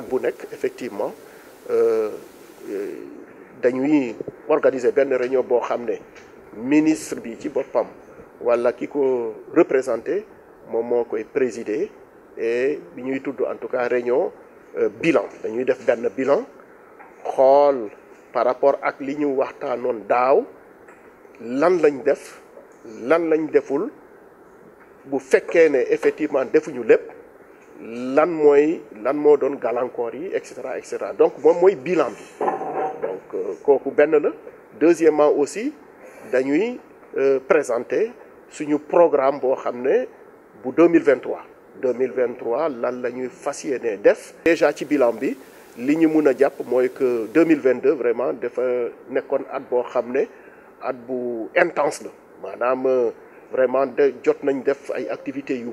at bu nekk effectivement euh, euh, dañuy organiser réunion pour xam ministre bi ci qui wala représenté moom moo koy présider et nous ñuy en tout cas réunion euh, bilan dañuy def un bilan par rapport ak li nous waxtaanoon daaw lan lañ def lan lañ deful bu fekkee effectivement defuñu lepp lan moy lan mo etc. etc., donc c'est un bilan donc c'est euh, un la deuxièmement aussi dañuy euh, présenter suñu programme pour xamné 2023 2023 lan la ñuy déjà ci bilan bi que 2022 vraiment dafa at intense la euh, vraiment de jot nañ def ay activités yu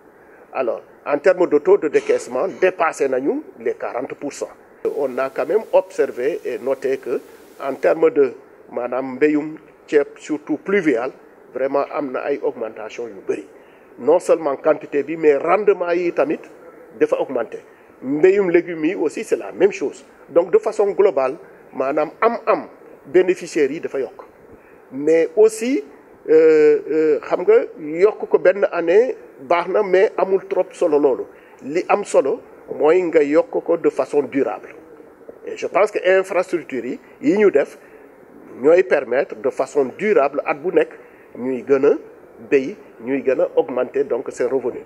Alors, en termes de taux de décaissement, dépassé les 40%. On a quand même observé et noté que, en termes de Madame Beyoum, surtout pluvial, vraiment, il y a une augmentation. Non seulement quantité, mais rendement a augmenté. Les légumes aussi c'est la même chose donc de façon globale madame am-am bénéficiaires yi dafa mais aussi euh, euh, xam nga yokk ko benn année baax mais amul trop solo loolu li am solo mooy nga yokk ko de façon durable et je pense que infrastructure yi yi ñu def ñooy permettre de façon durable at bu nekk ñuy gën a ñuy gën augmenter donc ses revenus.